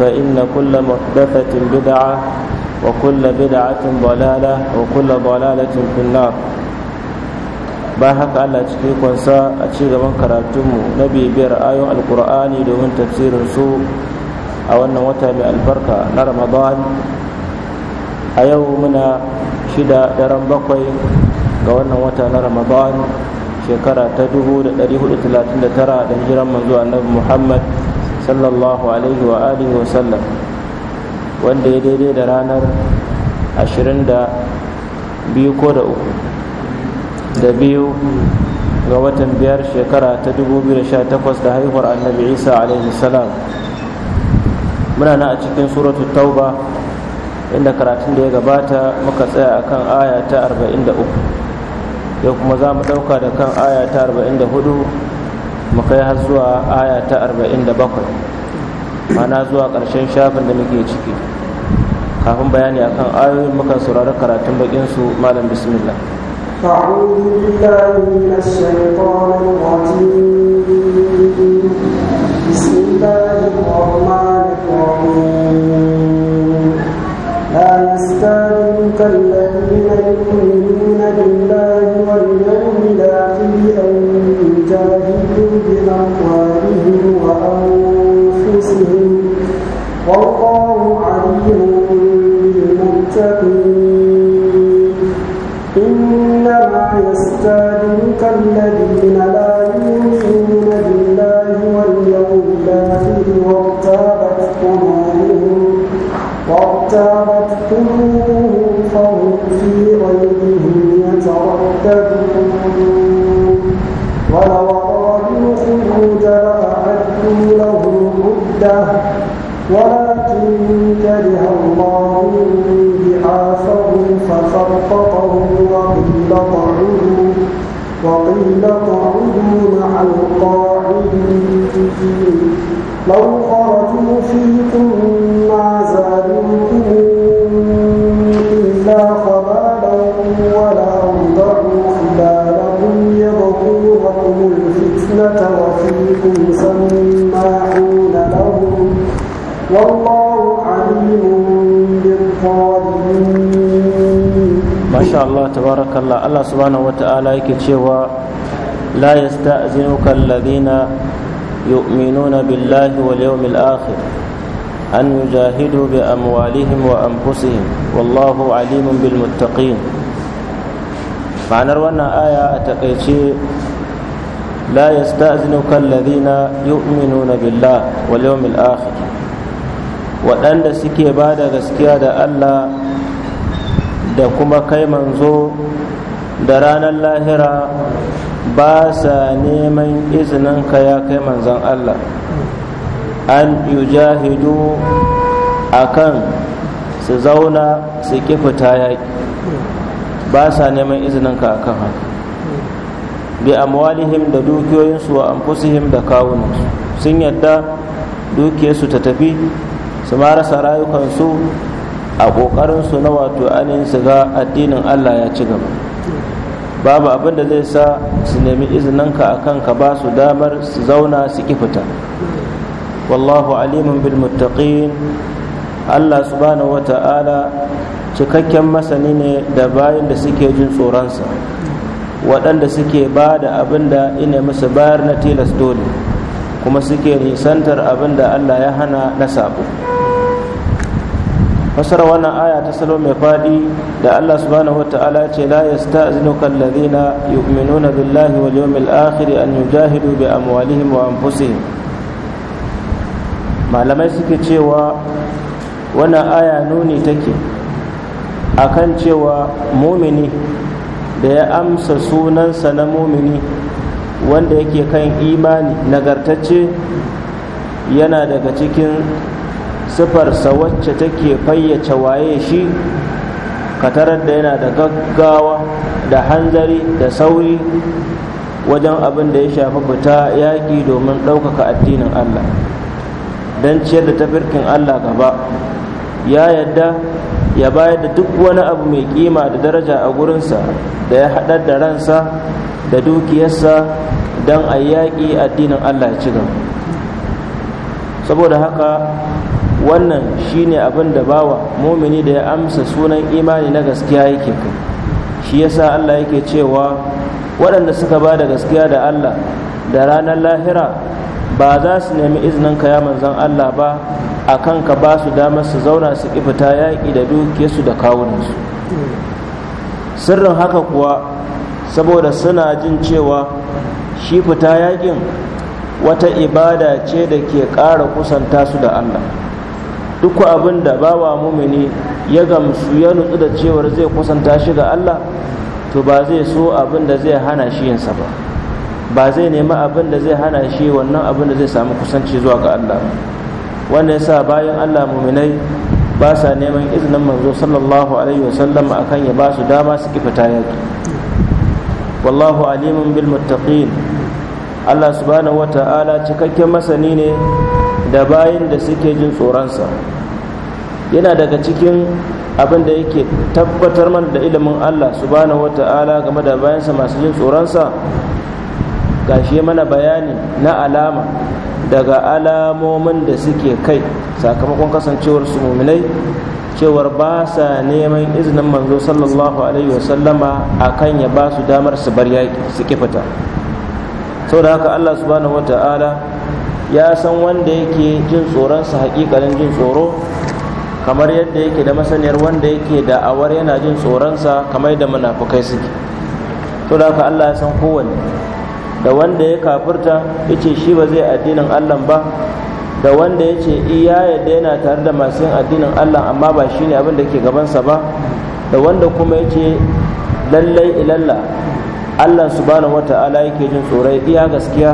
فإن كل محدثة بدعة وكل بدعة ضلالة وكل ضلالة في النار ba haka Allah cikin kwansa a ci gaban karatunmu na bibiyar ayon alkur'ani domin tafsirin su a wannan wata mai albarka na ramadan a yau muna shida daren bakwai ga wannan wata na ramadan shekara ta 439 da annabi muhammad sallallahu alaihi wa alihi wa sallam wanda ya daidai da ranar 22 ko da uku da biyu ga watan biyar shekara ta 2018 da haihuwar annabi isa alaihi salam muna na a cikin suratu tauba inda karatun da ya gabata muka tsaya a kan aya ta 43 yau kuma za mu ɗauka da kan aya ta 44 mu kai har zuwa aya ta 47 mana zuwa ƙarshen shafin da muke ciki kafin bayani akan ayoyin mukan saurari karatun bakin su malam bismillah أعوذ بالله من الشيطان الرجيم بسم الله الرحمن الرحيم لا يستأذنك الذين يؤمنون بالله والله عليم بالمتقين إنما يستاذنك الذين ولكن كره الله بعاثهم فسقطهم وقيل اقعدوا وقيل اقعدوا مع القاعدين لو خرجوا فيكم ما زادوكم إلا خبالا ولا أوضعوا خلالكم يبغونكم الفتنة وفيكم سمين masha Allah tabarakallah Allah subhanahu wa ta'ala yake cewa la yasta'zinuka alladhina yu'minuna billahi wal yawmil akhir an yujahidu bi amwalihim wa anfusihim wallahu alimun bil muttaqin ma'anar wannan aya a takaice la yasta'zinuka alladhina yu'minuna billahi wal yawmil akhir waɗanda suke ba da gaskiya da Allah da kuma kai manzo da ranar lahira ba sa neman izininka ya kai manzon Allah an yujahidu a kan su zauna su ki fita yaƙi ba sa neman izininka a kan haka bi amwalihim da dukiyoyinsu wa amfusihim da kawunansu sun yadda dukiyarsu ta tafi su marasa rasa rayukansu a ƙoƙarinsu na wato ainihin su ga addinin allah ya ci gaba babu abin da zai sa su nemi izininka a kanka ba su damar su zauna su ki fita wallahu alimun bil muttaqin allah subhanahu wata'ala cikakken masani ne da bayan da suke jin tsoronsa waɗanda suke ba da abin da ina musu bayar na tilas dole kuma suke nisantar abin da allah ya hana na sabo fasara wannan aya ta salo mai faɗi da Allah subhanahu ta'ala ce la yasta'zinuka alladhina yu'minuna billahi wal yawmil akhir an yujahidu bi amwalihim wa anfusihim malamai suke cewa wannan aya nuni take akan cewa mumini da ya amsa sunansa na mumini wanda yake kan imani nagartacce yana daga cikin sifarsa wacce take fayyace waye shi katarar da yana da gaggawa da hanzari da sauri wajen abin da ya shafi fita yaƙi domin ɗaukaka addinin allah don ciyar da tafirkin allah gaba ya yadda ya bayar da duk wani abu mai kima da daraja a gurinsa da ya haɗar da ransa da dukiyarsa don a yaƙi addinin allah ya ci gaba saboda haka wannan shine abin da bawa mumini da ya amsa sunan imani na gaskiya yake kai shi yasa Allah yake cewa waɗanda suka ba da gaskiya da Allah da ranar lahira ba za su nemi izinin ka ya Allah ba a kan ka ba su damar su zauna su ƙi fita yaƙi da duke su da kawunansu sirrin haka kuwa saboda suna jin cewa shi fita yaƙin wata ibada ce da ke ƙara kusanta su da Allah duk abin da bawa mumini ya gamsu ya nutsu da cewar zai kusanta shi ga Allah to ba zai so abin da zai hana shi yinsa ba ba zai nemi abin da zai hana shi wannan abin da zai samu kusanci zuwa ga Allah wannan yasa bayan Allah muminai ba sa neman izinin manzo sallallahu alaihi wasallam akan ya ba su dama su ki ta yaki wallahu alimun bil muttaqin Allah subhanahu wata'ala cikakken masani ne da bayan da suke jin tsoronsa yana daga cikin abin da yake tabbatar mana da ilimin Allah subhanahu wata'ala game da bayansa masu jin tsoronsa gashi mana bayani na alama daga alamomin da suke kai sakamakon kasancewar su muminai cewar ba sa neman izinin manzo sallallahu alaihi wasallama kan ya ba su damar su bar yaƙi su kifita saboda haka Allah subhanahu wata'ala ya san wanda yake jin tsoronsa hakikalin jin tsoro kamar yadda yake da masaniyar wanda yake da awar yana jin tsoronsa kamar da munafukai suke to da haka Allah ya san kowanne da wanda ya kafirta yace shi ba zai addinin Allah ba da wanda yace ce iya yadda yana tare da masu yin addinin Allah amma ba shine abin da ke sa ba da wanda kuma yace lallai ilalla Allah subhanahu wata'ala yake jin tsorai iya gaskiya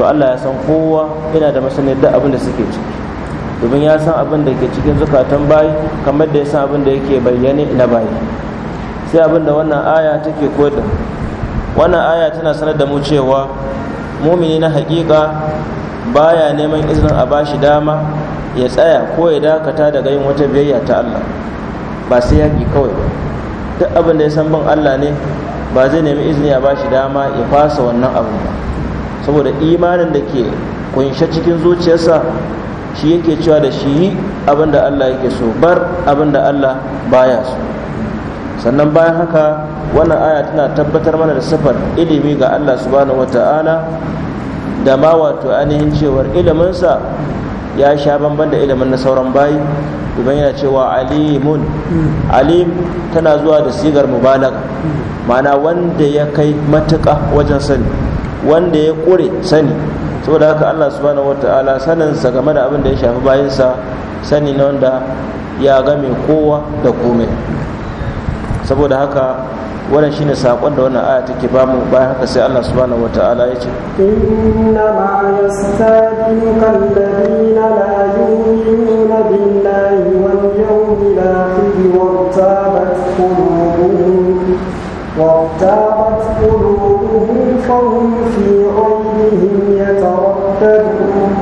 to Allah ya san kowa yana da masaniyar da abin da suke ciki domin ya san abin da ke cikin zukatan bayi kamar da ya san abin da yake bayyane na bayi sai abin da wannan aya take koyar wannan aya tana sanar da mu cewa mumini na hakika baya neman izinin a bashi dama ya tsaya ko ya dakata daga yin wata biyayya ta Allah ba sai yaki kawai ba duk abin da ya san bin Allah ne ba zai nemi izini a bashi dama ya fasa wannan abin ba saboda imanin da ke kunshe cikin zuciyarsa shi yake cewa da shi yi abin da Allah yake so bar abinda Allah baya so sannan bayan haka wannan aya tana tabbatar mana da sifar ilimi ga Allah subhanahu wata'ala da ma wato ainihin cewar iliminsa ya sha bamban da ilimin na sauran bayi domin yana cewa alimun hmm. alim tana zuwa da sigar mubalaga hmm. mana wanda ya kai matuka wajen sani wanda ya ƙure sani saboda haka Allah subhanahu wata'ala saninsa game da abin da ya shafi bayansa sani na wanda ya game kowa da komai saboda haka wannan shine sakon da wannan aya take bamu bayan haka sai Allah subhanahu wataala ce inna ma yastadika kallabina la yu'minuna billahi wal yawmil akhir wa tabat qulubuhum وارتابت قلوبهم فهم في عمرهم يترددون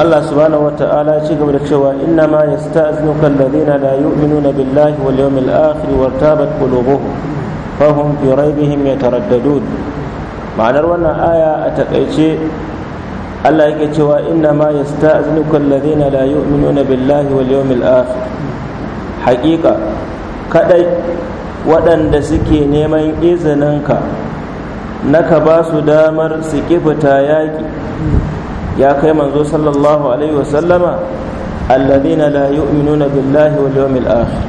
الله سبحانه وتعالى يقول لك شوى إنما يستأذنك الذين لا يؤمنون بالله واليوم الآخر وارتابت قلوبهم فهم في ريبهم يترددون ma'anar wannan aya a takaice Allah yake cewa inna ma yasta'zinuka alladhina la yu'minuna billahi wal yawmil akhir haqiqa kadai waɗanda suke neman izininka na ka ba su damar su kifuta yaƙi ya kai manzo sallallahu alaihi wasallama alladhina la yu'minuna billahi wal yawmil akhir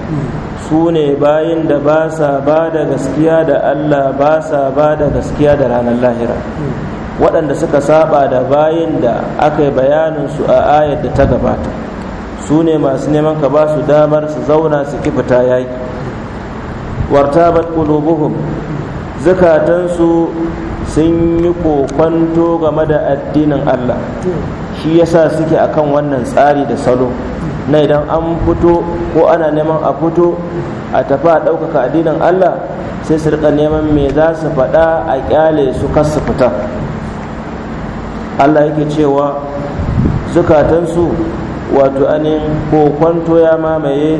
su ne bayin da ba sa ba da gaskiya da Allah ba sa ba da gaskiya da ranar lahira waɗanda suka saba da bayin da aka yi su a ayar da ta gabata su ne masu neman ka ba su damar su zauna su kifita yaƙi wartabat qulubuhum zakatansu sun yi kokwanto game da addinin Allah shi yasa suke akan wannan tsari da salo na idan an fito ko ana neman a fito a tafi a ɗaukaka addinin Allah sai su rika neman me za su faɗa a ƙyale su kasu fita Allah yake cewa zukatansu wato anin kokwanto ya mamaye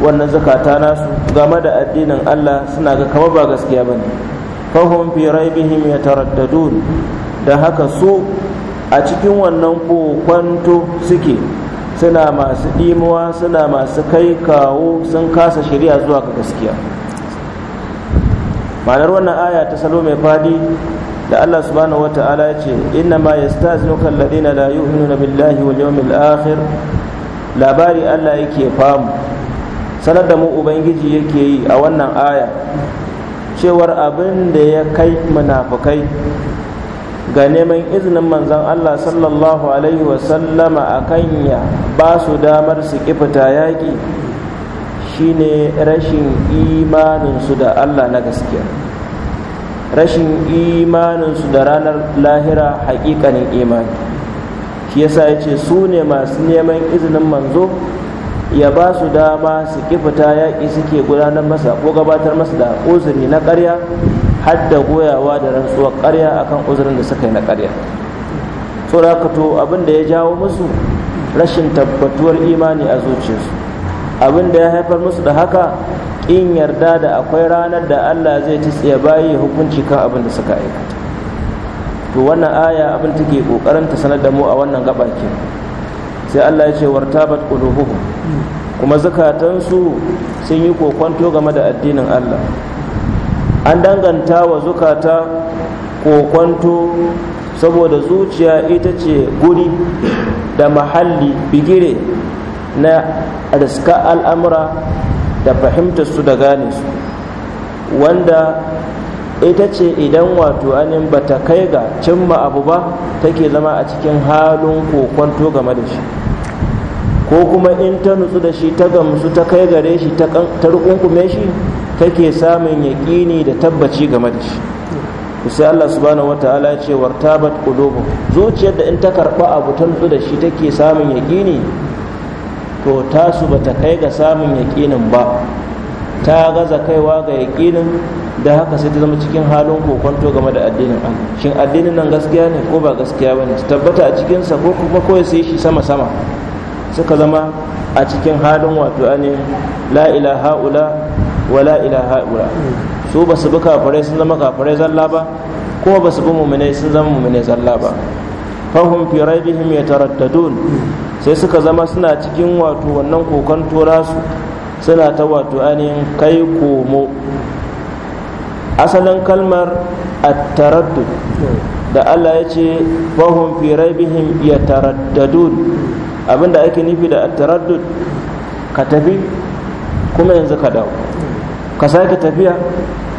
wannan zakata nasu game da addinin Allah suna ga kama ba gaskiya bane fahum fi raibihim yataraddadun da haka su a cikin wannan kokwanto suke suna masu ɗimuwa suna masu kai kawo sun kasa shari'a zuwa ga gaskiya ma'anar wannan aya ta salo mai fadi da Allah subhanahu wata'ala ya ce inna ma yastazinuka alladhina la yu'minuna billahi wal yawmil akhir labari Allah yake famu sanar da mu ubangiji yake yi a wannan aya cewar abin da ya kai munafukai ga neman izinin manzan Allah sallallahu alaihi wasallama a ya ba su damar su kifita yaƙi shine rashin imaninsu da Allah na gaskiya rashin imaninsu da ranar lahira haƙiƙanin imani shi yasa ya ce su ne masu neman izinin manzo ya ba su dama su kifita yaƙi suke gudanar masa ko gabatar masa da uzuri na ƙarya har da goyawa da rantsuwar ƙarya akan uzurin da suka yi na ƙarya tsorakato abin da ya jawo musu rashin tabbatuwar imani a zuciyarsu abin da ya haifar musu da haka ƙin yarda da akwai ranar da allah zai ci tsaye bayi hukunci kan abin da suka aikata to wannan aya abin take ƙoƙarin ta sanar da mu a wannan gaba sai Allah ya ce wartabat qulubuhum kuma zukatansu sun yi kokwanto game da addinin Allah an danganta wa zukata kokwanto saboda zuciya ita ce guri da mahalli bigire na riska al'amura da fahimtarsu da gane su wanda ita ce idan wato anin ba ta kai ga cimma abu ba take zama a cikin halin kokonto game da shi ko kuma in ta nutsu da shi ta gamsu ta kai gare shi ta rukunkume shi take samun yaƙini da tabbaci game da shi sai Allah subhanahu wataala ya ce wartabat qulubuh zuciyar da in ta karɓa abu ta nutsu da shi take samun yaƙini to tasu ta kai ga samun yaƙinin ba ta gaza kaiwa ga yaƙinin da haka sai ta zama cikin halin kokonto game da addinin Allah shin addinin nan gaskiya ne ko ba gaskiya bane su tabbata a cikin sa ko kuma kawai sai shi sama sama suka zama a cikin halin wato ne la ilaha ula wa la ilaha ula su ba su bi kafirai sun zama kafirai zalla ba ko ba su bi muminai sun zama muminai zalla ba fahum fi raibihim yataraddadun sai suka zama suna cikin wato wannan kokonto rasu suna ta wato ainihin kai komo asalin kalmar taraddu da Allah ya ce fahim fi raibihim ya taraddadu abinda ake nufi da taraddu ka tafi kuma yanzu ka dawo ka sake tafiya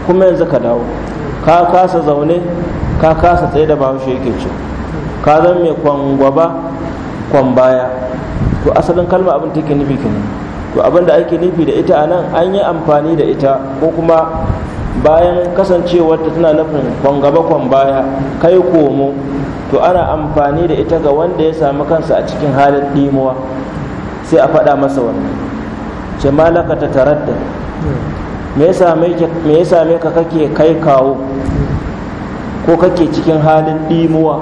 kuma yanzu ka dawo ka kasa zaune ka kasa tsaye da bahaushe yake ce ka zan mai kwangwaba kwambaya to asalin kalmar abin take nufi kenan to abin da ake nufi da ita anan nan an yi amfani da ita ko kuma bayan kasancewarta tana nufin kwan gaba baya kai komo to ana amfani da ita ga wanda ya samu kansa a cikin halin ɗimuwa sai a faɗa masa wannan ce malaka ta taradda me ya same ka kake kai kawo ko kake cikin halin ɗimuwa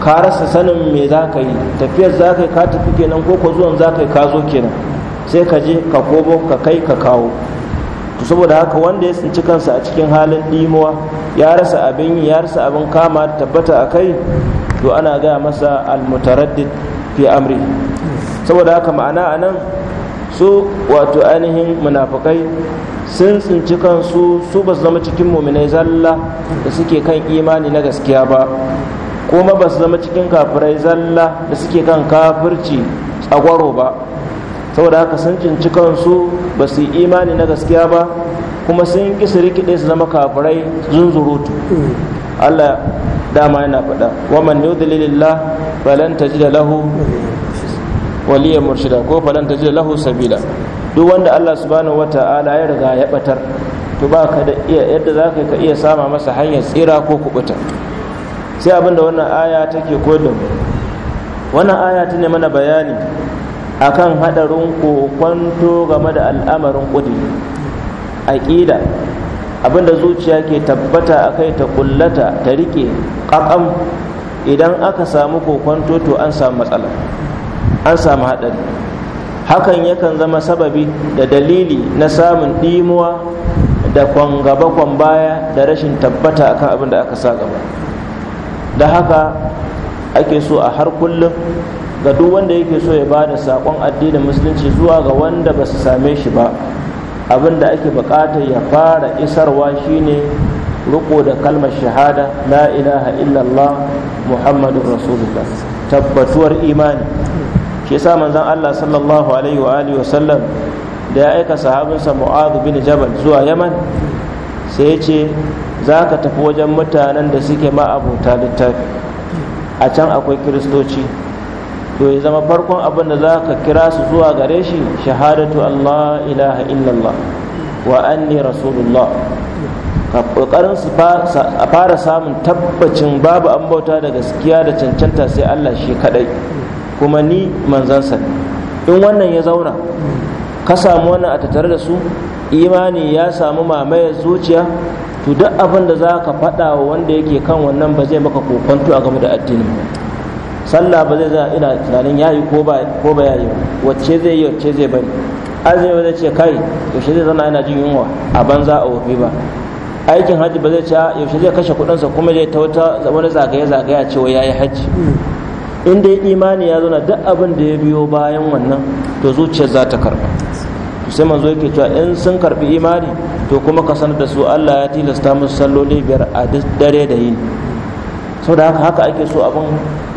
ka rasa sanin me za ka yi tafiyar za ka yi ka tafi kenan ko ko zuwan za ka yi ka zo kenan sai ka je ka kobo ka kai ka kawo to saboda haka wanda ya tsinci kansa a cikin halin limuwa ya rasa abin ya rasa abin kama tabbata a kai to ana gaya masa almutaraddid fi amri saboda haka ma'ana a nan su wato ainihin munafukai sun tsinci kansu su ba zama cikin muminai zalla da suke kan imani na gaskiya ba kuma ba su zama cikin kafirai zalla da suke kan kafirci tsagwaro ba saboda haka sun cinci kansu ba su yi imani na gaskiya ba kuma sun ƙi su rikide su zama kafirai zunzurutu Allah dama yana faɗa wa man yudlilillah falan tajida lahu waliyan murshida ko falan tajida lahu sabila duk wanda Allah subhanahu wata'ala ya riga ya batar to ba ka da iya yadda za ka iya sama masa hanyar tsira ko kubuta sai abinda wannan aya take koyar da wannan aya ta ne mana bayani akan hadarin kokwanto game da al'amarin kudi aqida abinda zuciya ke tabbata akai ta kullata ta rike kakam idan aka samu kokonto to an samu matsala an samu hadari hakan yakan zama sababi da dalili na samun dimuwa da kwangaba kwan baya da rashin tabbata akan abin da aka sa gaba da haka ake so a har kullum ga duk wanda yake so ya bada da saƙon addinin musulunci zuwa ga wanda ba su same shi ba abin da ake buƙatar ya fara isarwa shine riko da kalmar shahada la ilaha illallah muhammadun rasulullah tabbatuwar imani shi yasa manzon Allah sallallahu alaihi wa alihi wasallam da ya aika sahabinsa mu'adh bin jabal zuwa yaman sai ya ce za ka tafi wajen mutanen da suke ma abota littafi a can akwai kiristoci to ya zama farkon abin da za ka kira su zuwa gare shi shahadatu Allah ilaha illallah wa anni rasulullah kokarin su fara samun tabbacin babu an bauta da gaskiya da cancanta sai Allah shi kaɗai, kuma ni manzansa in wannan ya zauna ka samu wannan a tattare da su imani ya samu mamayar zuciya to duk abin da za ka faɗa wa wanda yake kan wannan ba zai maka kokonto a game da addinin ba sallah ba zai zai ina tunanin yi ko ba ya yi. wacce zai yi wacce zai bari azumi ba zai ce kai yaushe zai zana yana jin yunwa a banza a wofi ba aikin hajji ba zai ce yaushe zai kashe kudinsa kuma zai ta wata wani zagaye zagaye a cewa yayi hajji in dai imani ya zauna duk abin da ya biyo bayan wannan to zuciyar za ta karba sai manzo yake cewa in sun karbi imani to kuma ka sanar da su Allah ya tilasta musu salloli biyar a dare da yini sau da haka haka ake so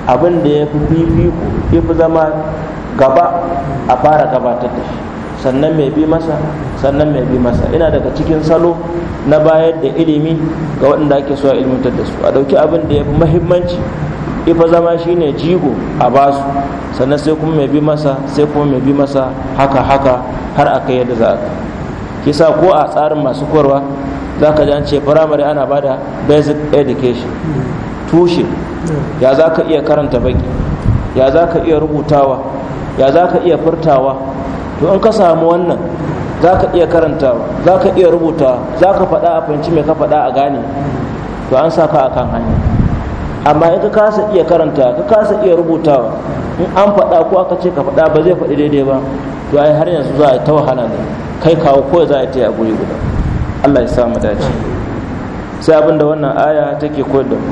abin da ya fi fi ya fi zama gaba a fara gabatar da shi sannan mai bi masa sannan mai bi masa ina daga cikin salo na bayar da ilimi ga waɗanda ake so a ilmantar da su a ɗauki abin da ya fi mahimmanci ifa zama shi ne jigo a basu sannan sai kuma mai bi masa sai kuma mai bi masa haka haka har a kai yadda za a kai kisa ko a tsarin masu korwa za ka ji an ce firamare ana bada basic education tushe ya za ka iya karanta baki ya za ka iya rubutawa ya za ka iya furtawa to in ka samu wannan za ka iya karantawa za ka iya rubutawa za ka faɗa a fahimci mai ka faɗa a gane to an sa ka a kan hanya amma in ka kasa iya karanta ka kasa iya rubutawa in an faɗa ko aka ce ka faɗa ba zai faɗi daidai ba to ai har yanzu za a ta wahala ne kai kawo ko za a ta a guri guda Allah ya sa mu dace sai abinda wannan aya take koyar da mu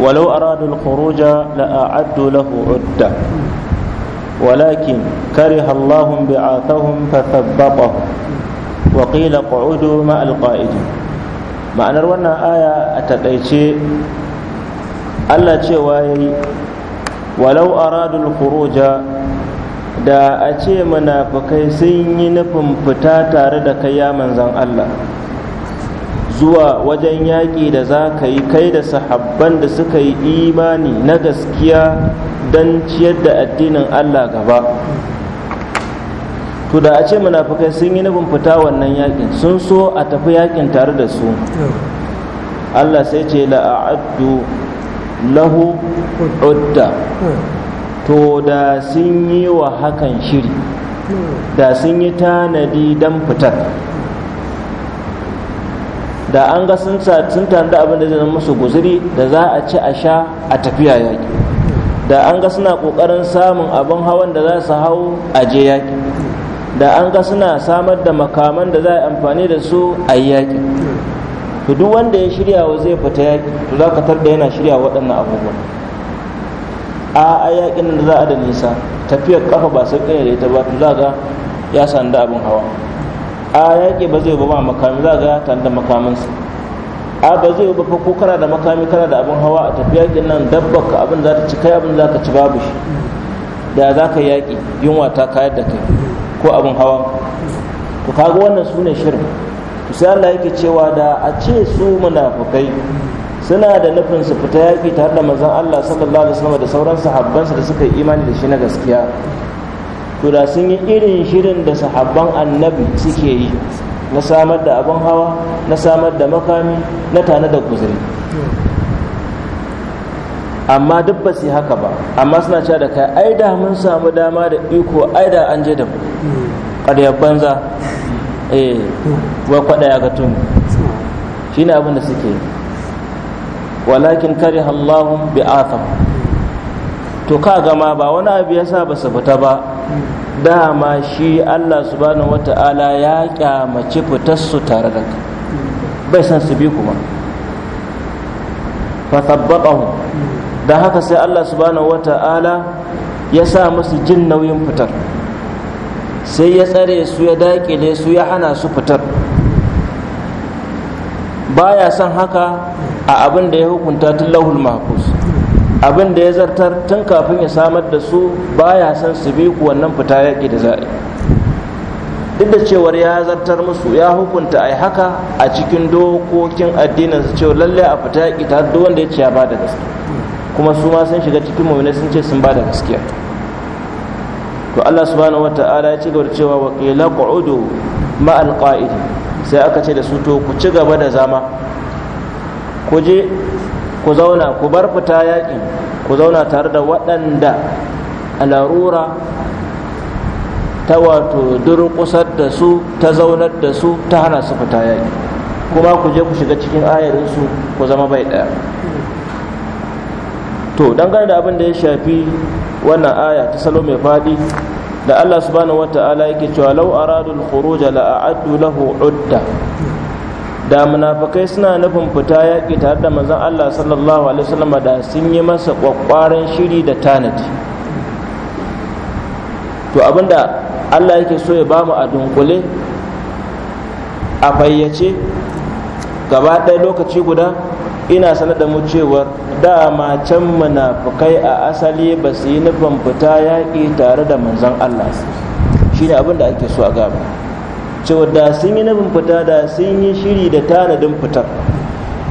ولو أرادوا الخروج لأعدوا له عدة ولكن كره الله بعاثهم فثبطهم وقيل اقعدوا مع القائد ma'anar wannan aya a takaice Allah cewa ya yi walau aradul khuruja da a ce munafukai sun yi nufin fita tare da kai ya manzan Allah zuwa wajen yaƙi da za ka yi kai da sahabban da suka yi imani na gaskiya don ciyar da addinin Allah gaba to da a ce munafukai sun yi nufin fita wannan yaƙin sun so a tafi yaƙin tare da su Allah sai ce la'addu lahu udda to da sun yi wa hakan shiri da sun yi tanadi don fitar da an ga sun tanada abin da zai zama musu guzuri da za a ci a sha a tafiya yaƙi da an ga suna ƙoƙarin samun abin hawan da za su hau a je yaƙi da an ga suna samar da makaman da za a amfani da su a yi yaƙi to duk wanda ya shirya wa zai fita yaƙi to za ka tar da yana shirya waɗannan abubuwan a a yaƙin da za a da nisa tafiyar ƙafa ba sai da ita ba to za ga ya sanda abin hawa a yaƙi ba zai ba makami za ga tare da makaminsa a ba zai ba ko kana da makami kana da abin hawa a tafiya yaƙin nan dabba ka abin za ta ci kai abin za ka ci babu shi da za ka yaƙi yunwa ta kayar da kai ko abin hawa to kaga wannan su ne shirin to sai Allah yake cewa da a ce su munafukai suna da nufin su fita yaƙi tare da manzon Allah sallallahu alaihi wasallam da sauran sahabbansa da suka yi imani da shi na gaskiya to da sun yi irin shirin da sahabban annabi suke yi na samar da abin hawa na samar da makami na tana da guzuri amma duk ba su haka ba amma suna cewa da kai ai da mun samu dama da iko ai da an je da mu ƙaryar banza eh wa kwaɗaya ga tun shi ne abin da suke walakin kare Allahun bi'atham to ka gama ba wani abu ya sa ba su fita ba dama shi Allah subhanahu wata'ala ya kyamaci fitarsu tare da kai bai san su bi kuma fathabbaqahu da haka sai Allah subhanahu wata'ala ya sa musu jin nauyin fitar sai ya tsare su ya daƙile su ya hana su fitar baya son haka a abin da ya hukunta tun lahul mahfuz abin da ya zartar tun kafin ya samar da su baya son su bi ku wannan fita yaƙi da za'a duk da cewar ya zartar musu ya hukunta a haka a cikin dokokin addinin su cewa lalle a fita yaƙi ta duk wanda ya ce ya bada gaske kuma su ma sun shiga cikin mu'minai sun ce sun bada gaskiya to Allah subhanahu wata'ala ya ci gaba da cewa wa qila qu'udu ma'al qa'idi sai aka ce da su to ku ci gaba da zama ku je ku zauna ku bar fita yaƙi ku zauna tare da waɗanda a larura ta wato durƙusar da su ta zaunar da su ta hana su fita yaƙi kuma ku je ku shiga cikin ayarinsu ku zama bai ɗaya to dangane da abin da ya shafi wannan aya ta salo mai faɗi da allah subhanahu wata'ala yake cewa lau aradul khuruj la a'addu lahu udda da munafikai suna nufin fita yaƙi tare da manzon Allah sallallahu alaihi wasallam da sun yi masa kwakwaran shiri da tanadi to abinda Allah yake so ya bamu a dunkule a fayyace gaba ɗaya lokaci guda ina sanar da mu cewar dama can munafukai a asali ba su yi nufin fita yaƙi tare da manzon Allah shi abin da ake so a gaba cewa da sun yi nabin fita da sun yi shiri da tanadin fitar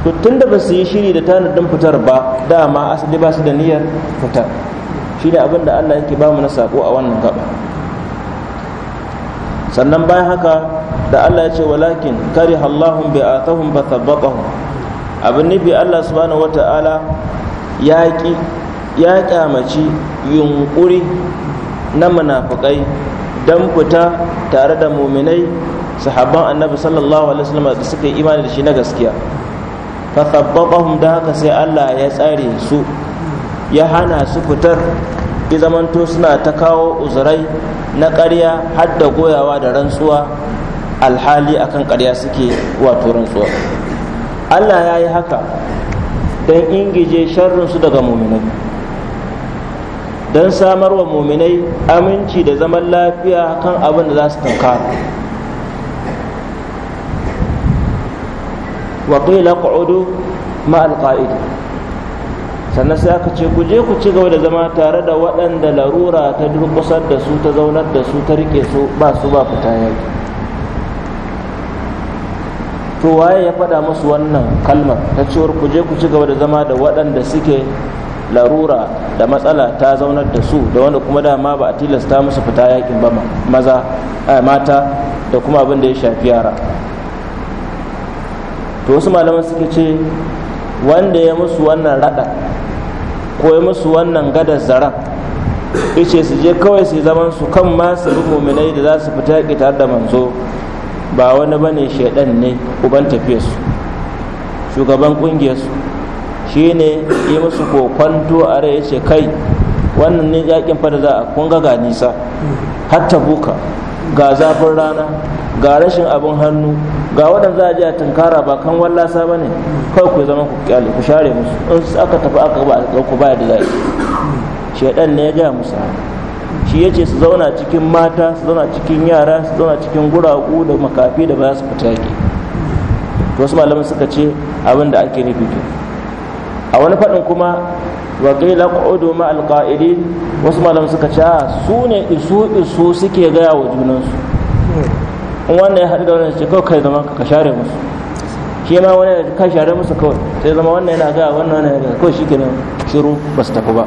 to tun da ba su yi shiri da tanadin fitar ba dama asali ba su da niyyar fitar shi ne abin da allah yake ba mu na sako a wannan gaba sannan bayan haka da allah ya ce walakin kari hallahun bai atahun ba tabbatahun abin nufi allah subhanahu wata'ala ya ya kyamaci yunkuri na munafukai dan fita tare da muminai sahabban annabi sallallahu alaihi wasallam da suka yi imani da shi na gaskiya fa sabbabahum da haka sai Allah ya tsare su ya hana su fitar izamanto zamanto suna ta kawo uzurai na ƙarya har da goyawa da rantsuwa alhali akan ƙarya suke wato rantsuwa Allah ya yi haka dan ingije sharrin su daga muminai don samar wa muminai aminci da zaman lafiya kan abin da za su tankara waƙila ƙudu ma'al sannan sai aka ce ku je ku ci gaba da zama tare da waɗanda larura ta durƙusar da su ta zaunar da su ta riƙe su ba su ba fita yaki to waye ya faɗa musu wannan kalmar ta cewar ku je ku ci gaba da zama da waɗanda suke larura da matsala ta zaunar da su da wanda kuma dama ba a tilasta musu fita yakin ba maza mata da kuma abin da ya shafi yara to wasu malaman suka ce wanda ya musu wannan rada ko ya musu wannan gadar zaren ice su je kawai su zaman su kan masu su da za su fita yaƙi tare da manzo ba wani bane shaidan ne uban tafiyarsu shugaban ƙungiyarsu shine yi musu kokwanto a rai ya ce kai wannan ne yakin fada za a kunga ga nisa hatta buka ga zafin rana ga rashin abin hannu ga waɗanda za a ji a tunkara ba kan wallasa ba ne kawai ku zama ku kyale ku share musu in aka tafi aka ba a ku baya da za yi shaidan ne ya gaya musu shi ya ce su zauna cikin mata su zauna cikin yara su zauna cikin guragu da makafi da ba su fita ke wasu malamai suka ce abin da ake nufi a wani faɗin kuma wa qila ƙudu ma alqa'idin wasu malam suka ce ah, su ne isu isu suke gaya wa junansu in wanda ya haɗu da wannan cikin kai zama ka share musu shi ma wani ka share musu kawai sai zama wannan yana gaya wannan yana gaya kawai nan shiru ba su tafi ba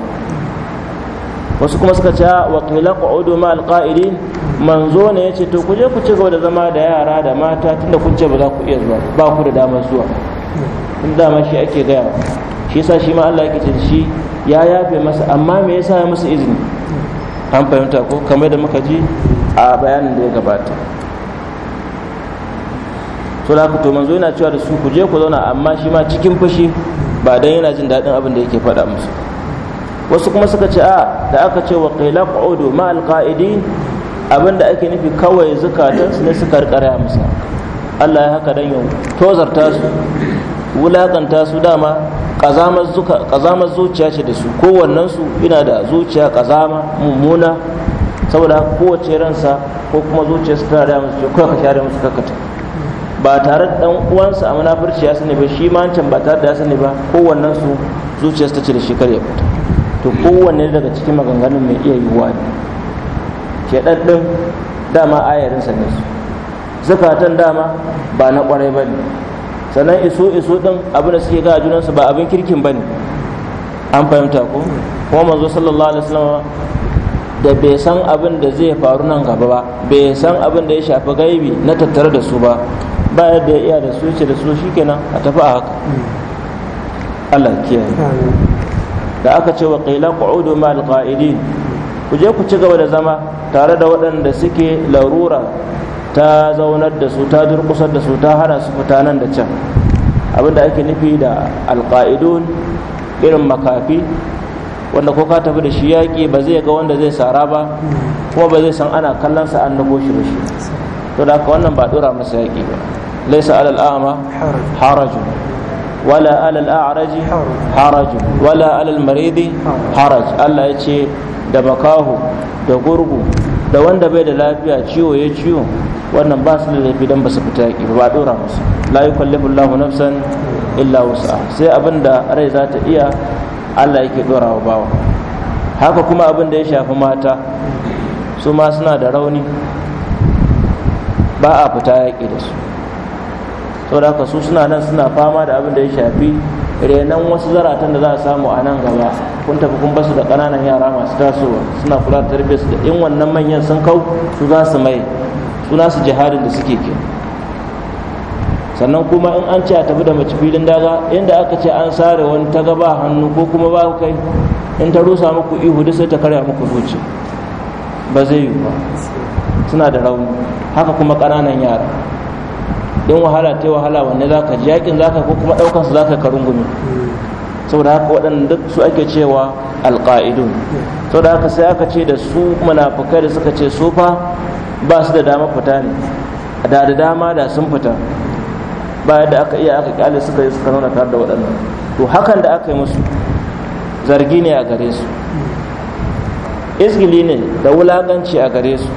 wasu kuma suka ce ah, wa qila qudu ma alqa'idin manzo ne ya ce to ku je ku ci gaba da zama da yara da mata tunda kun ce ba za ku iya zuwa ba ku da damar zuwa in dama shi ake gaya shi yasa shi ma Allah yake shi ya yafe masa amma me yasa ya masa izini an fahimta ko kamar da muka ji a bayanin da ya gabata to da to manzo yana cewa da su ku je ku zauna amma shi ma cikin fushi ba dan yana jin daɗin abin da yake faɗa musu wasu kuma suka ce a da aka ce wa qila qu'udu ma qaidin abin da ake nufi kawai su ne suka rikara musu Allah ya haka dan yau tozarta su wulakanta su dama ƙazamar zuciya ce da su kowannensu ina da zuciya ƙazama mummuna saboda kowace ransa ko kuma zuciyarsa tana da musu ko ka share musu kakata ba tare da ɗan uwansa a munafurci ya sani ba shi ma can ba tare da ya sani ba zuciya su zuciyarsa ta ce da shi ya fita to kowanne daga cikin maganganun mai iya yiwuwa ne ke din dama ayarin sa ne su zukatan dama ba na ƙwarai ba ne sannan isu isu ɗin, abin da suke ga junansu ba abin kirkin ba ne an fahimta ko kuma manzo sallallahu alaihi wasallam da bai san abin da zai faru nan gaba ba bai san abin da ya shafi gaibi na tattare da su ba ba ya ya iya da su ce da su shikenan a tafi a haka Allah kiyaye da aka ce wa qila qu'udu ma'al qa'idin ku je ku ci gaba da zama tare da waɗanda suke larura ta zaunar da su ta durkusar da su ta hana su fita nan da can abinda ake nufi da alƙa'idun irin makafi wanda ko ka tafi da shi yaƙi ba zai ga wanda zai sara ba kuma ba zai san ana kallon sa an nufo shi da shi to da wannan ba dora masa yaki ba laisa alal a'ma haraju wala alal a'raji haraju wala alal maridi haraj Allah ya ce da makahu da gurgu da wanda bai da lafiya ciwo ya ciwo wannan ba su da laifi don ba su fita yaki ba dora musu layu yukallifu Allahu nafsan illa a sai abin da rai za ta iya Allah yake dora wa bawa haka kuma abin da ya shafi mata su ma suna da rauni ba a fita yaƙi da su saboda haka su suna nan suna fama da abin da ya shafi renan wasu zaratan da za a samu a nan gaba kun tafi kun basu da ƙananan yara masu tasowa suna kula da tarbiyyar su da in wannan manyan sun kau su za su mai su su jihadin da suke ke sannan kuma in an ce a tafi da mace filin daga inda aka ce an sare wani ta gaba hannu ko kuma ba kai in ta rusa muku ihu duk sai ta karya muku zuci ba zai yi ba suna da rauni haka kuma ƙananan yara in wahala ta wahala wanne za ka ji yakin za ka ko kuma ɗaukan su za ka karungumi saboda haka waɗanda duk su ake cewa alƙa'idun saboda haka sai aka ce da su munafukai da suka ce su fa ba su da dama fita ne da da dama da sun fita ba da aka iya aka kyale suka yi suka nuna tare da waɗannan to hakan da aka yi musu zargi ne a gare su izgili ne da wulaƙanci a gare su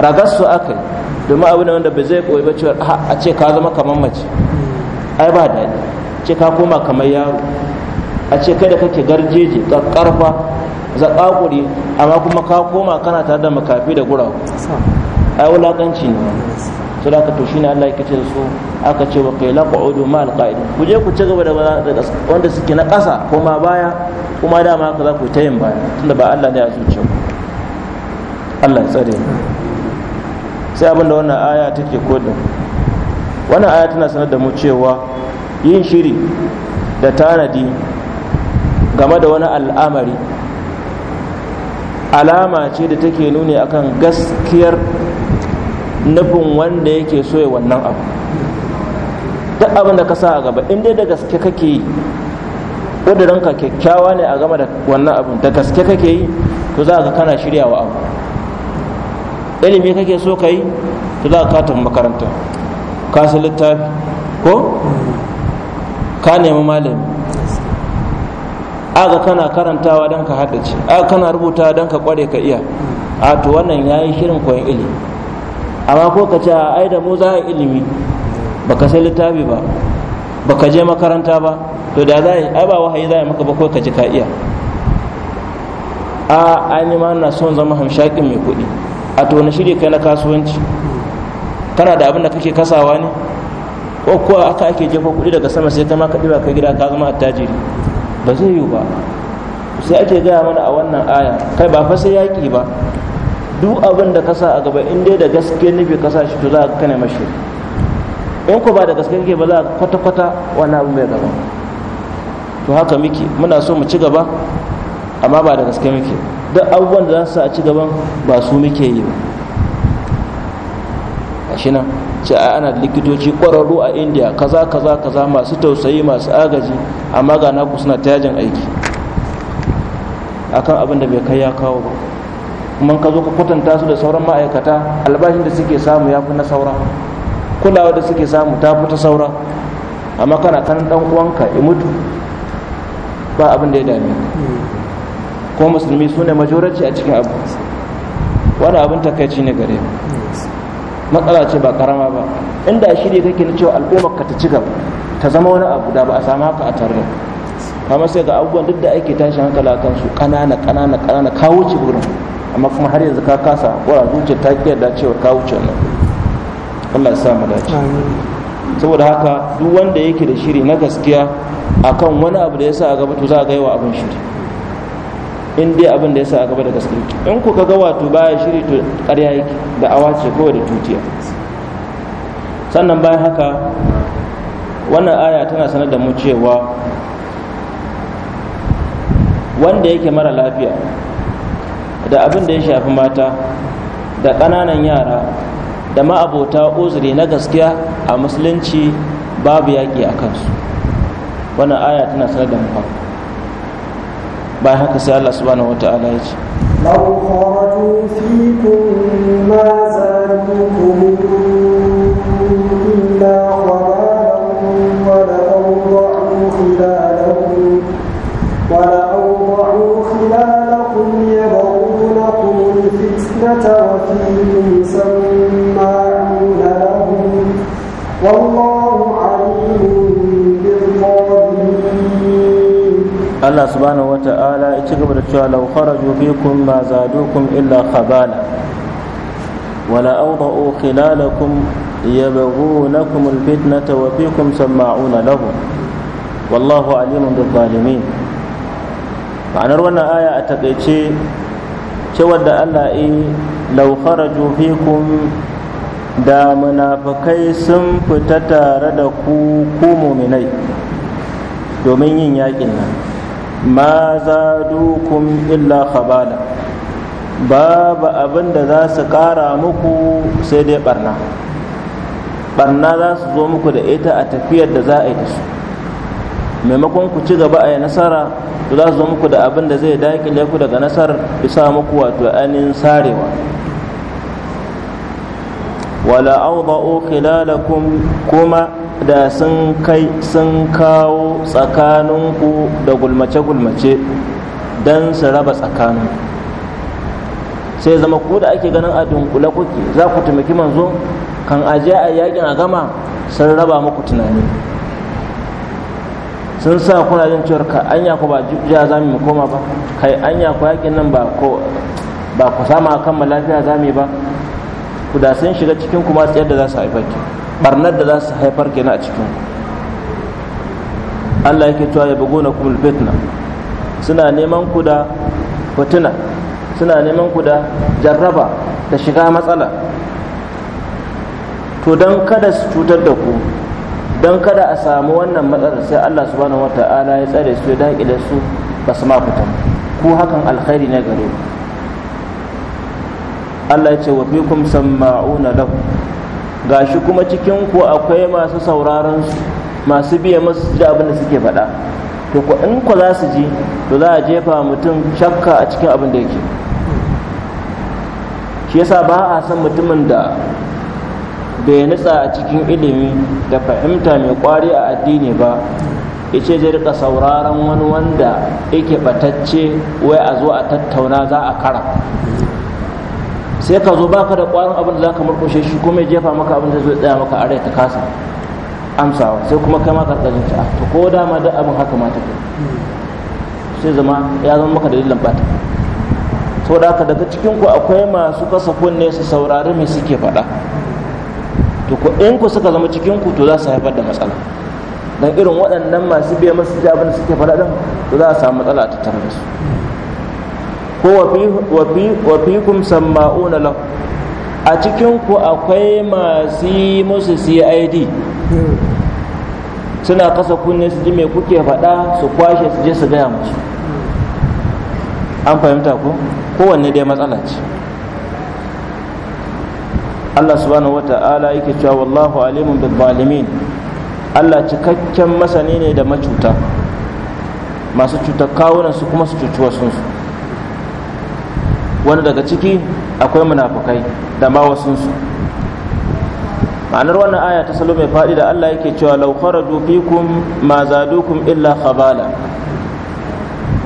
ragarsu aka yi domin abu ne wanda ba zai koyi ba cewa a ce ka zama kamar mace ai ba daɗi ce ka koma kamar yaro a ce kai da kake garjeje ka karfa za zaƙaƙuri amma kuma ka koma kana tare da makafi da gurawa ai wulaƙanci ne to da ka to shine Allah yake ce su aka ce wa kai laqudu ma alqaid ku je ku ci gaba da wanda suke na ƙasa kuma baya kuma dama ka za ku ta yin baya tunda ba Allah ne ya zuciya Allah ya tsare mu sai abinda wannan aya take kodin wannan aya tana sanar da mu cewa yin shiri da tanadi game da wani al'amari alama ce da take nuni akan gaskiyar nufin wanda yake so ya wannan abu duk abin da ka sa a gaba in da gaske kake yi ƙudurinka kyakkyawa ne a game da wannan abu da gaske kake yi to za ka kana shiryawa abu ilimi kake so ka yi to za ka tafi makaranta ka sa littafi ko ka nemi malami aga kana karantawa don ka haddace aga kana rubuta don ka kware ka iya a to wannan ya yi shirin koyon ilimi amma ko ka ce a ai da mu za a ilimi ba ka sai littafi ba ba ka je makaranta ba to da za a yi ba wahayi za a maka ba ko ka ji ka iya a ainihin ma na son zama hamshakin mai kuɗi a to shirya kai na kasuwanci kana da abin da kake kasawa ne ko ko aka ake jefa kuɗi daga sama sai ma ka ɗiba ka gida ka zama attajiri ba zai yiwu ba sai ake gaya mana a wannan aya kai ba fa sai yaƙi ba duk abin da ka sa a gaba in dai da gaske nufi ka sa shi to za ka kane mashi in ku ba da gaske kake ba za ka kwata-kwata wannan abu mai gaba to haka muke muna so mu ci gaba amma ba da gaske muke duk abubuwan da za su a ci gaban ba su muke yi ba shi nan ce a ana likitoci kwararru a indiya kaza kaza kaza masu tausayi masu agaji amma ga ku suna ta aiki akan abin da bai kai ya kawo ba kuma ka zo ka kwatanta su da sauran ma'aikata albashin da suke samu ya fi na saura kulawa da suke samu ta fi ta saura amma kana kan dan uwanka ya mutu ba abin da ya dame ka ko musulmi su ne majoraci a cikin abu wani abin takaici ne gare matsala ce ba karama ba inda shirya kake na cewa al'ummar ka ta ci gaba ta zama wani abu da ba a samu haka a tare kamar sai ga abubuwan duk da ake tashi hankali kan su ƙanana ƙanana ƙanana ka wuce gurin amma kuma har yanzu ka kasa wa zuciyar ta ƙi yarda cewa ka wuce nan Allah ya sa mu dace saboda haka duk wanda yake da shiri na gaskiya akan wani abu da ya sa a gaba to za a ga yawa abin shiri in dai abin da ya sa a gaba da gaske in kuka ga wato baya shiri to ƙarya yake da awa ce kawai da tutiya sannan bayan haka wannan aya tana sanar da mu cewa wanda yake mara lafiya da abin da ya shafi mata da ƙananan yara da ma'abota uzuri na gaskiya a musulunci babu yaƙi a kansu wannan aya tana sanar da mu bayan haka sai Allah subhanahu wata'ala ya ce ولأوضعوا خلالكم ولأوضعوا خلالكم Allah subhanahu wata'ala ya ci gaba da cewa law kharaju fikum ma zadukum illa khabala wala awda'u khilalakum yabghunakum alfitnata wa fikum sama'una lahum wallahu alimun bil zalimin ma'anar wannan aya a takaice cewar da Allah yi law kharaju fikum da munafakai sun fita tare da ku ku domin yin yakin nan ma dukun illa khabala babu abin da za su kara muku sai dai barna barna za su zo muku da ita a tafiyar da za a yi da su maimakon ku ci gaba a yi nasara to za su zo muku da abin da zai dakile ku daga nasarar bisa muku wato ainihin sarewa wala auda'u khilalakum kuma da sun kai sun kawo tsakaninku da gulmace-gulmace don su raba tsakanin sai zama ku da ake ganin a dunkule kuke za ku taimaki manzo kan aje a yakin a gama sun raba muku tunani sun sa kuna jin cewar ka anya ku ba jiya za mu koma ba kai anya ku yakin nan ba ku sama kan lafiya za mu ba ku da sun shiga cikin kuma tsayar da za su haifar barnar da za su haifar kenan a cikin Allah yake cewa ya na kumul fitna suna neman ku da fitina suna neman ku da jarraba da shiga matsala to don kada su cutar da ku don kada a samu wannan matsalar sai Allah subhanahu wata'ala ya tsare su ya da su ba su ma fita ku hakan alkhairi ne gare Allah ya ce wa fikum sama'una lahu gashi kuma cikin ku akwai masu sauraron su masu biya masu ji abin da suke faɗa to ku in ku za su ji to za a jefa mutum shakka a cikin abin da yake shi yasa ba a san mutumin da bai nutsa a cikin ilimi da fahimta mai kwari a addini ba ya ce zai rika sauraron wani wanda yake batacce wai a zo a tattauna za a kara sai ka zo baka da ƙwarin abin da za ka murkushe shi kuma ya jefa maka abin da zai tsaya maka a rai ta kasa amsawa sai kuma kai ma karkarin ta to ko dama da abin haka ma take sai zama ya zama maka dalilin bata saboda haka daga cikin ku akwai masu kasa kunne su saurari me suke faɗa to ko in ku suka zama cikin ku to za su haifar da matsala dan irin waɗannan masu biya masu jabin suke faɗa din to za a samu matsala a tattare da su ko wafikun samma'una lahu a cikinku akwai masu yi musu cid suna kasa kunne su ji mai kuke faɗa su kwashe su je su gaya musu an fahimta ko kowanne dai matsala ce Allah subhanahu wata'ala yake cewa wallahu alimun bil Allah cikakken masani ne da macuta masu cutar kawunan su kuma su cuci wasu su wani daga ciki akwai munafukai da ma su. ma'anar wannan aya ta salo mai faɗi da Allah yake cewa law kharaju fikum ma zadukum illa khabala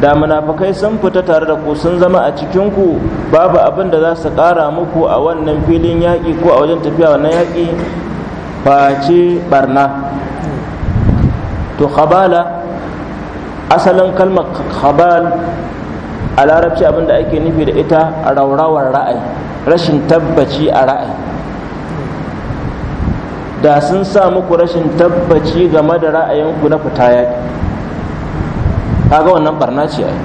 da munafukai sun fita tare da ku sun zama a cikinku babu abin da za su ƙara muku a wannan filin yaki ko a wajen tafiya wannan yaƙi face barna to khabala asalin kalmar khabal a larabci abin da ake nufi da ita a raurawar ra'ayi rashin tabbaci a ra'ayi da sun sa muku rashin tabbaci game da ra'ayinku na fita yaƙi kaga wannan barna ce ai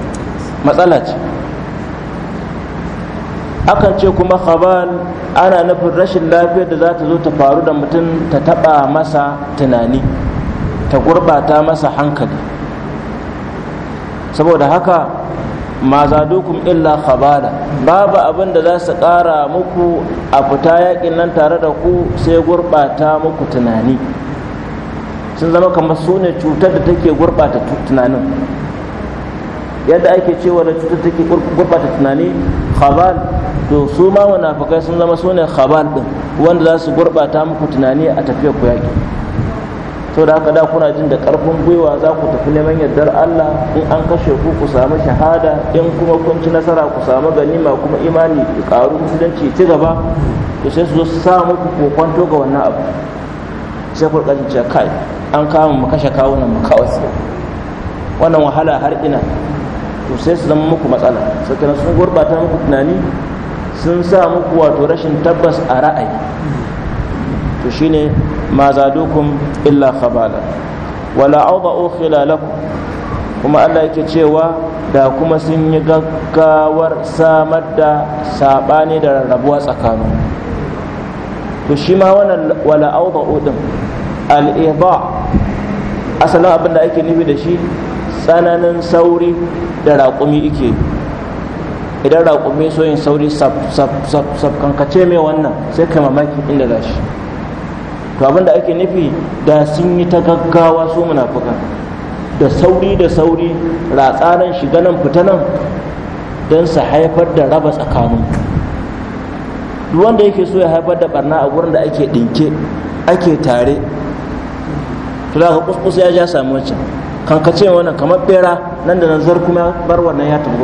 matsala ce akan ce kuma khabal ana nufin rashin lafiyar da za ta zo ta faru da mutum ta taɓa masa tunani ta gurɓata masa hankali saboda haka ma zadukum illa khabala babu abin da za su ƙara muku a fita yakin nan tare da ku sai gurɓata muku tunani sun zama kamar su ne cutar da take gurɓata tunanin yadda ake cewa da cutar take gurɓata tunani khabal to su ma munafukai sun zama su ne khabal din wanda za su gurɓata muku tunani a tafiyar ku yaƙi To da haka da kuna jin da karfin gwiwa za ku tafi neman yardar Allah in an kashe ku ku samu shahada in kuma kun ci nasara ku samu ganima kuma imani ku karu musulunci ci gaba to sai su zo su sa muku kokonto ga wannan abu sai ku rikajin cewa kai an kama mu kashe kawunan mu kawai wannan wahala har ina to sai su zama muku matsala sakana sun gurbata muku tunani sun sa muku wato rashin tabbas a ra'ayi to shine ma zadukum illa khabala wala awda'u khilalakum kuma Allah yake cewa da kuma sun yi gaggawar samar da saɓani da rarrabuwa tsakanin to shi ma wannan wala awda'u din al-ihda asalin abin da ake nufi da shi tsananin sauri da raƙumi idan raƙumi so yin sauri sab sab sab kankace mai wannan sai kai mamaki inda gashi. to abin da ake nufi da sun yi ta gaggawa su munafukan da sauri da sauri ratsanan shiga nan fita nan don su haifar da raba tsakanin duk wanda yake so ya haifar da barna a gurin da ake ɗinke ake tare to da kuskus ya ja samu wancan kan ka ce wannan kamar bera nan da nan zarkuma kuma bar wannan ya tafi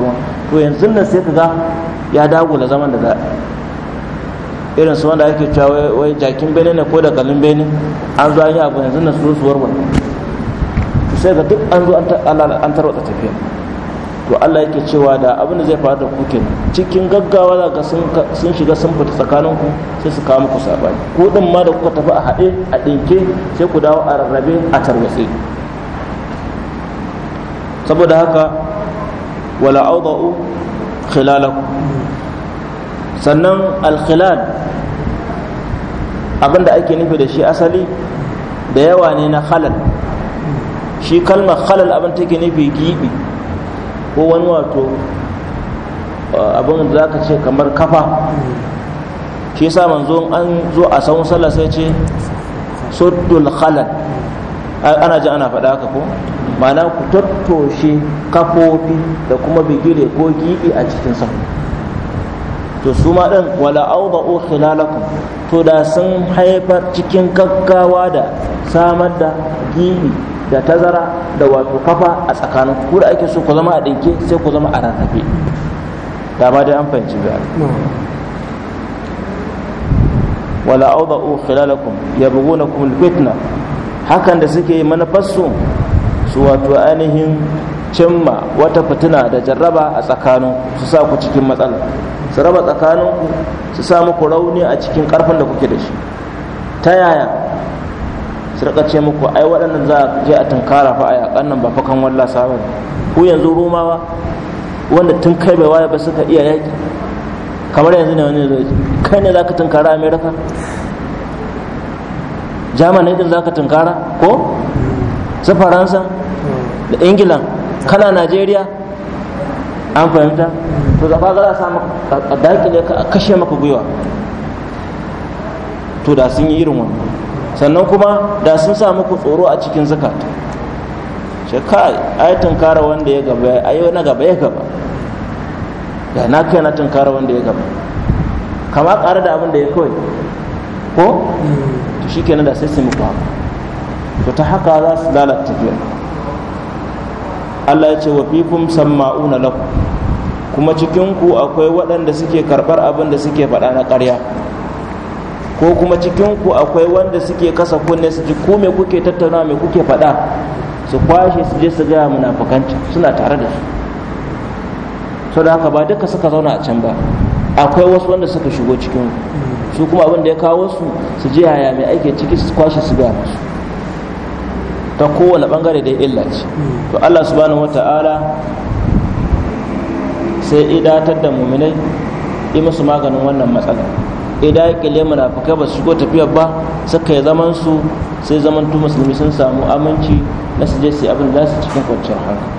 to yanzu nan sai ka ga ya dagula zaman da za irin su wanda ake cewa wai jakin bene ne ko da kalin bene an zo an yi abu yanzu na su su warware sai ga duk an zo an tarwata tafiya to Allah yake cewa da abin da zai faru da ku cikin gaggawa za ka sun shiga sun fita tsakanin ku sai su kawo muku sabani ko din ma da kuka tafi a haɗe a ɗinke sai ku dawo a rarrabe a tarwatse saboda haka wala auda'u khilalakum sannan al alkhilal abin da ake nufi da shi asali da yawa ne na halal shi kalmar khalal abin take nufi gibi ko wani wato uh, abin da za ka ce kamar kafa shi saman manzo an zo a san sallah sai ce suddul halal ana ji ana faɗa haka ko ma'ana ku tattoshe kafofi da kuma bigire ko gibi a cikin sahu to su ma ɗin wala o khilalakum to da sun haifar cikin gaggawa da samar da gini da tazara da wato kafa a tsakanin ku da ake so ku zama a ɗinke sai ku zama a rarrafe da ma dai an fahimci ba wala auda'u khilalakum kuma fitna hakan da suke manufarsu su wato ainihin cimma wata fitina da jarraba a tsakanin su sa ku cikin matsala su raba tsakaninku su sa muku rauni a cikin karfin da kuke da shi ta yaya su raka ce muku ai waɗannan za a je a tunkara fa a yaƙan nan ba fa kan walla sabon ku yanzu romawa wanda tun kai bai waye ba suka iya yaƙi kamar yanzu ne wani zai kai ne za ka tunkara amerika jamani din za ka tunkara ko su faransa da ingila kana najeriya an fahimta to gaba za a samu a dakile ka a kashe maka gwiwa to da sun yi irin wani sannan kuma da sun sa muku tsoro a cikin zakat ce kai ai tunkara wanda ya gaba ai na gaba ya gaba ya na kai na tunkara wanda ya gaba kama ƙara da abin da ya kawai ko to shi kenan da sai su muku haka to ta haka za su lalata tafiya Allah ya ce wa fikum samma'una lakum kuma cikinku akwai waɗanda suke karɓar abin da suke faɗa na ƙarya ko kuma cikinku akwai wanda suke kasa kunne su ji ko me kuke tattauna me kuke faɗa su kwashe su je su gaya munafukanci suna tare da su so da haka ba duka suka zauna a can ba akwai wasu wanda suka shigo cikin su kuma abin da ya kawo su su je yaya mai aiki ciki su kwashe su gaya musu ta kowane bangare da illa ce to Allah subhanahu wata'ala sai idatar da muminai yi masu maganin wannan matsala idan ya kile munafukai ba su shigo tafiyar ba suka yi zaman su sai zaman tu musulmi sun samu aminci na su je su abin da su cikin kwanciyar hankali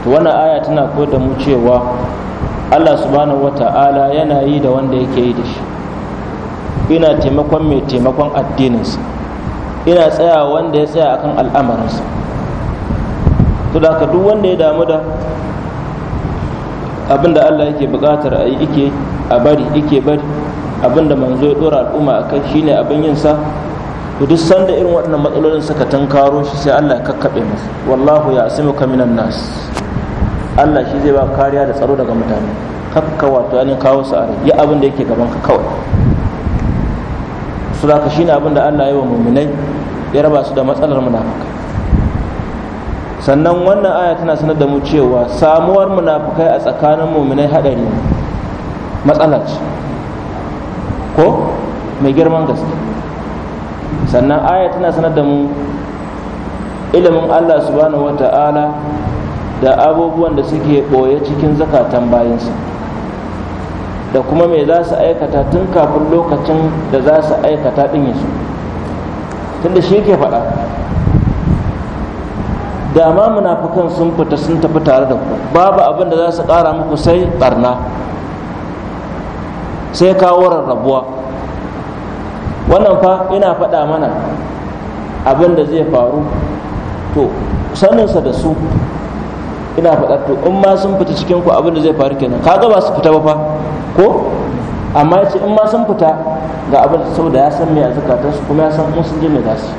to wannan aya tana koyar da mu cewa Allah subhanahu wata'ala yana yi da wanda yake yi da shi ina taimakon mai taimakon addininsa ina tsaya wanda ya tsaya akan al'amarinsa to da duk wanda ya damu da abinda Allah yake buƙatar a yi ike a bari ike bari abinda manzo ya dora al'umma a kai shine abin yin sa to duk sanda irin waɗannan matsalolin suka tankaro shi sai Allah ya kakkaɓe musu wallahu ya ka minan nas Allah shi zai ba kariya da tsaro daga mutane kakka wato ainihin kawo su a rai yi abin da yake gaban ka kawai su da ka shine abin da Allah ya yi wa muminai ya raba su da matsalar munafukai sannan wannan aya tana sanar da mu cewa samuwar munafukai a tsakanin muminai haɗari matsala ce ko mai girman gaske sannan aya tana sanar da mu ilimin allah subhanahu wata'ala da abubuwan da suke ɓoye cikin zakatan bayansa da kuma mai za su aikata tun kafin lokacin da za su aikata ɗin yasu tunda shi ke faɗa da ma munafikan sun fita sun tafi tare da ku babu abin da za su ƙara muku sai barna sai kawo rarrabuwa wannan fa ina faɗa mana abin da zai faru to saninsa da su ina faɗa to in ma sun fita cikin ku abin da zai faru kenan kaga ba su fita ba fa ko amma ya ce in ma sun fita ga abin saboda ya san me a zukatansu kuma ya san in sun je me za su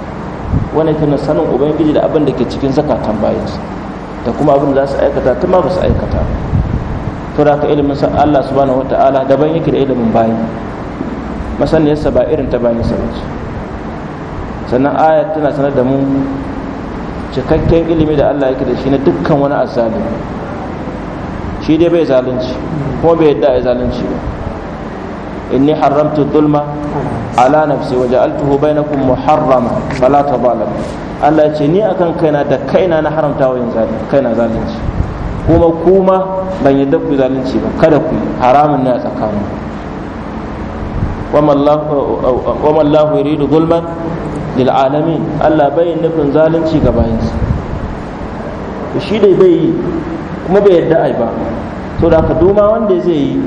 Wani tana sanin ubangiji da abin da ke cikin zakatan bayansu da kuma abin da za su aikata ta ma ba su aikata to da ka ilimin san Allah subhanahu wata'ala daban yake da ilimin bayi masaniyarsa ba irin ta bayan sa bace sannan ayat tana sanar da mu cikakken ilimi da Allah yake da shi na dukkan wani azzalimi shi dai bai zalunci kuma bai yadda a yi zalunci ba inni haramtu zulma ala nafsi wa ja'altuhu bainakum muharrama fala tadhalamu Allah ce ni akan kaina da kaina na haramta wa kaina zalunci kuma kuma ban yadda ku zalunci ba kada ku haramun ne a tsakanin wama Allah yuridu zulman lil alamin Allah bai nufin zalunci ga bayansa shi dai bai yi kuma bai yadda ai ba to da haka duma wanda zai yi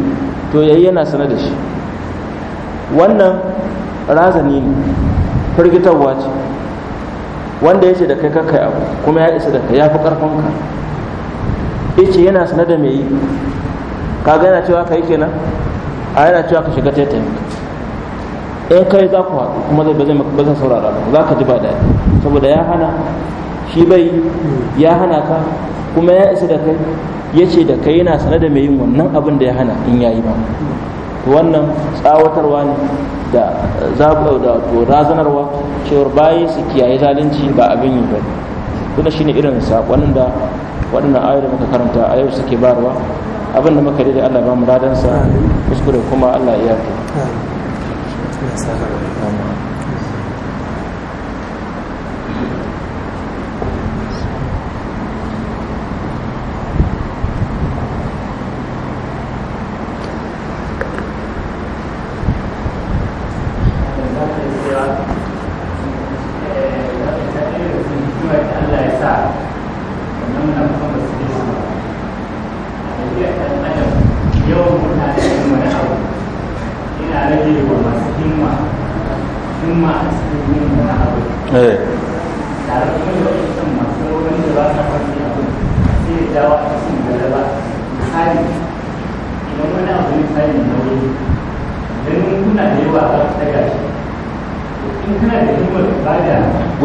to yayi yana sanar da shi wannan razani ne firgitarwa ce wanda ya ce da kai kakai abu kuma ya isa da kai ya fi Ya ce yana sana da mai yi ka gana cewa ka yi kenan a yana cewa ka shiga yi in kai za ku haɗu kuma zai bazai maka bazan saurara ba za ka ji ba daɗi saboda ya hana shi bai ya hana ka kuma ya isa da kai ya ce da kai yana sanar da mai yin wannan abin da ya hana in ya yi ba to wannan tsawatarwa ne da zaɓo da to razanarwa cewar bayi su kiyaye zalunci ba abin yi ba shi shine irin saƙonin da waɗannan ayoyi da muka karanta a yau suke barwa abin da muka daidai Allah ba mu radansa kuskure kuma Allah ya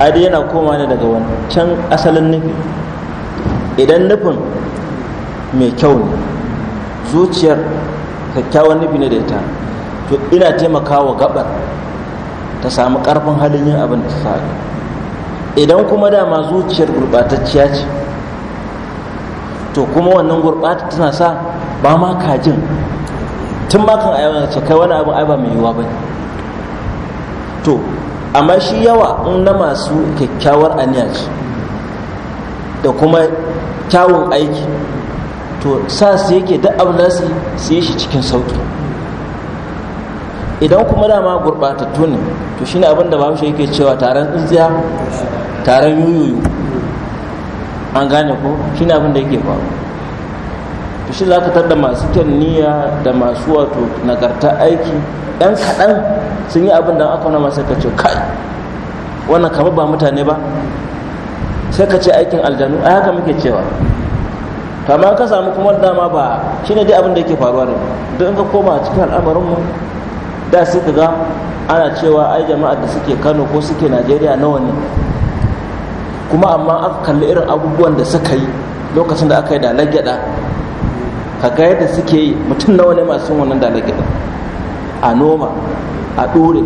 adi yana koma ne daga wancan asalin nufi idan nufin mai kyau ne zuciyar kyakkyawan nufi ne da ita to ina taimakawa gabar ta samu karfin halin yin abin da ta sa idan kuma dama zuciyar gurbatacciya ce to kuma wannan gurɓata tana sa ba ma kajin tun ma kan ayyana ce kai wani abin ai ba mai yiwuwa ba ne amma shi yawa in na masu kyakkyawar aniya ce da kuma kyawun aiki to sa su yake da abu su yi shi cikin sauki idan kuma dama gurɓatattu ne to shi ne abin da bahaushe yake cewa taron tsintsiya taron yuyuyu an gane ko ne abin da yake faru to shi za ka da masu kyan niyya da masu wato nagarta aiki ɗan kaɗan sun yi abin da aka nama sai ka ce kai wannan kama ba mutane ba sai ka ce aikin aljanu a haka muke cewa to amma ka samu kuma dama ba shi ne dai abin da yake faruwa ne don ka koma cikin al'amarinmu da sai ka ga ana cewa ai jama'ar da suke kano ko suke najeriya nawa ne kuma amma aka kalli irin abubuwan da suka yi lokacin da aka yi da lagyada ka ga yadda suke yi mutum nawa ne masu wannan da alaƙi a noma a ɗore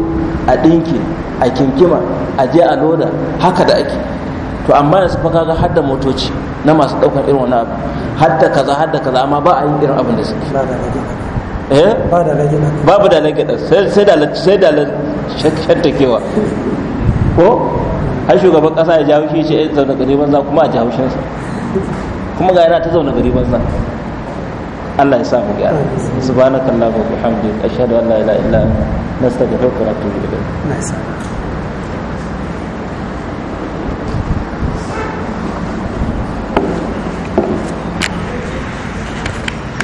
a ɗinki a kinkima a je a loda haka da ake to amma da su ga har da motoci na masu ɗaukar irin wani abu har da kaza har da kaza amma ba a yi irin abin da suke eh babu da lagida sai da sai da ta kewa ko har shugaban kasa ya jawo shi ce eh, zaune gari banza kuma a jawo shi kuma ga yana ta zaune gari banza Allah ya sa mu gyara subhanakallahumma wa bihamdika ashhadu an la ilaha illa anta nastaghfiruka wa natubu ilayk